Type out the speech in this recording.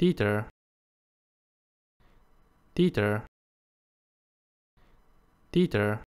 Dieter Dieter Dieter